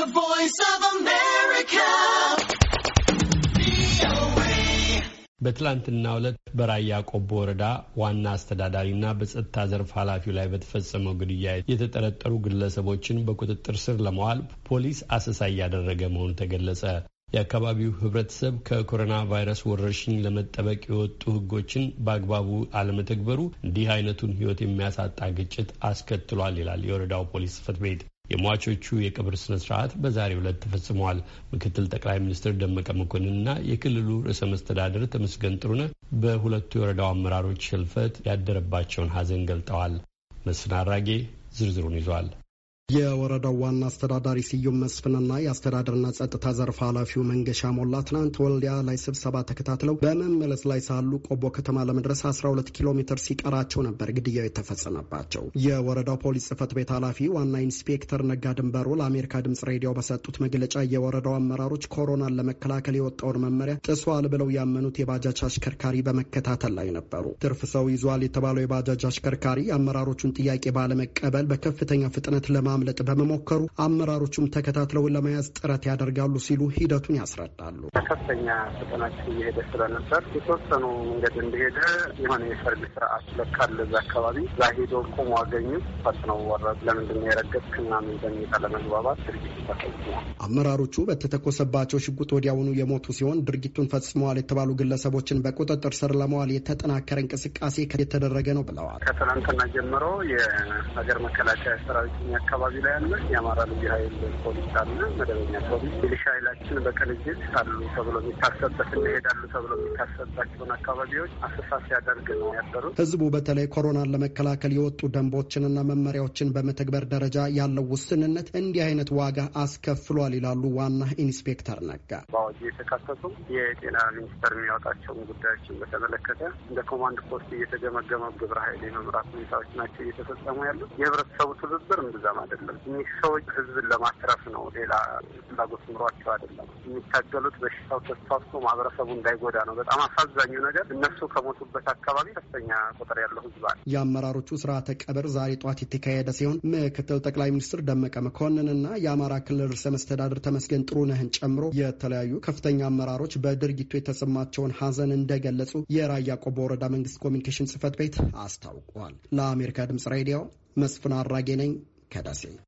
The Voice of America. በትላንትና ዕለት በራያ ቆቦ ወረዳ ዋና አስተዳዳሪና በጸጥታ ዘርፍ ኃላፊው ላይ በተፈጸመው ግድያ የተጠረጠሩ ግለሰቦችን በቁጥጥር ስር ለመዋል ፖሊስ አሰሳ እያደረገ መሆኑ ተገለጸ። የአካባቢው ህብረተሰብ ከኮሮና ቫይረስ ወረርሽኝ ለመጠበቅ የወጡ ሕጎችን በአግባቡ አለመተግበሩ እንዲህ አይነቱን ሕይወት የሚያሳጣ ግጭት አስከትሏል ይላል የወረዳው ፖሊስ ጽፈት ቤት። የሟቾቹ የቅብር ስነ ስርዓት በዛሬው ዕለት ተፈጽመዋል። ምክትል ጠቅላይ ሚኒስትር ደመቀ መኮንንና የክልሉ ርዕሰ መስተዳድር ተመስገን ጥሩነህ በሁለቱ የወረዳው አመራሮች ሽልፈት ያደረባቸውን ሀዘን ገልጠዋል። መስፍን አራጌ ዝርዝሩን ይዟል። የወረዳው ዋና አስተዳዳሪ ስዩም መስፍንና የአስተዳደርና ጸጥታ ዘርፍ ኃላፊው መንገሻ ሞላ ትናንት ወልዲያ ላይ ስብሰባ ተከታትለው በመመለስ ላይ ሳሉ ቆቦ ከተማ ለመድረስ 12 ኪሎ ሜትር ሲቀራቸው ነበር ግድያው የተፈጸመባቸው። የወረዳው ፖሊስ ጽፈት ቤት ኃላፊ ዋና ኢንስፔክተር ነጋ ድንበሩ ለአሜሪካ ድምጽ ሬዲዮ በሰጡት መግለጫ የወረዳው አመራሮች ኮሮናን ለመከላከል የወጣውን መመሪያ ጥሷል ብለው ያመኑት የባጃጅ አሽከርካሪ በመከታተል ላይ ነበሩ። ትርፍ ሰው ይዟል የተባለው የባጃጅ አሽከርካሪ የአመራሮቹን ጥያቄ ባለመቀበል በከፍተኛ ፍጥነት ለማ ለማምለጥ በመሞከሩ አመራሮቹም ተከታትለው ለመያዝ ጥረት ያደርጋሉ ሲሉ ሂደቱን ያስረዳሉ። ከፍተኛ ስልጠናችን እየሄደ ስለነበር የተወሰኑ መንገድ እንደሄደ የሆነ የሰርግ ስርዓት ለካለ እዛ አካባቢ እዛ ሄዶ ቆሞ አገኙት። ፈጥነው ወረዱ። ለምንድን ነው የረገጥክ ምናምን ድርጊቱ አለመግባባት አመራሮቹ በተተኮሰባቸው ሽጉጥ ወዲያውኑ የሞቱ ሲሆን ድርጊቱን ፈጽመዋል የተባሉ ግለሰቦችን በቁጥጥር ስር ለመዋል የተጠናከረ እንቅስቃሴ የተደረገ ነው ብለዋል። ከትናንትና ጀምሮ የሀገር መከላከያ ሰራዊት አካባቢ አካባቢ ላይ ያለ የአማራ ልዩ ኃይል ፖሊስ አለ፣ መደበኛ ፖሊስ ሚሊሻ ኃይላችን በቅንጅት አሉ ተብሎ የሚታሰበት እንሄዳሉ ተብሎ የሚታሰባቸውን አካባቢዎች አሰሳ ሲያደርግ ነው ያደሩት። ህዝቡ በተለይ ኮሮናን ለመከላከል የወጡ ደንቦችንና መመሪያዎችን በመተግበር ደረጃ ያለው ውስንነት እንዲህ አይነት ዋጋ አስከፍሏል ይላሉ ዋና ኢንስፔክተር ነጋ። በአዋጅ የተካተቱ የጤና ሚኒስቴር የሚያወጣቸውን ጉዳዮችን በተመለከተ እንደ ኮማንድ ፖስት እየተገመገመ ግብረ ኃይል የመምራት ሁኔታዎች ናቸው እየተፈጸሙ ያሉ የህብረተሰቡ ትብብር እንብዛ ማለት አይደለም። እኒህ ሰዎች ህዝብን ለማትረፍ ነው፣ ሌላ ፍላጎት ኑሯቸው አይደለም። የሚታገሉት በሽታው ተስፋፍቶ ማህበረሰቡ እንዳይጎዳ ነው። በጣም አሳዛኙ ነገር እነሱ ከሞቱበት አካባቢ ከፍተኛ ቁጥር ያለው ህዝብ አለ። የአመራሮቹ ስርዓተ ቀብር ዛሬ ጧት የተካሄደ ሲሆን ምክትል ጠቅላይ ሚኒስትር ደመቀ መኮንንና የአማራ ክልል ርዕሰ መስተዳድር ተመስገን ጥሩነህን ጨምሮ የተለያዩ ከፍተኛ አመራሮች በድርጊቱ የተሰማቸውን ሀዘን እንደገለጹ የራያ ቆቦ ወረዳ መንግስት ኮሚኒኬሽን ጽህፈት ቤት አስታውቋል። ለአሜሪካ ድምጽ ሬዲዮ መስፍን አራጌ ነኝ። كراسي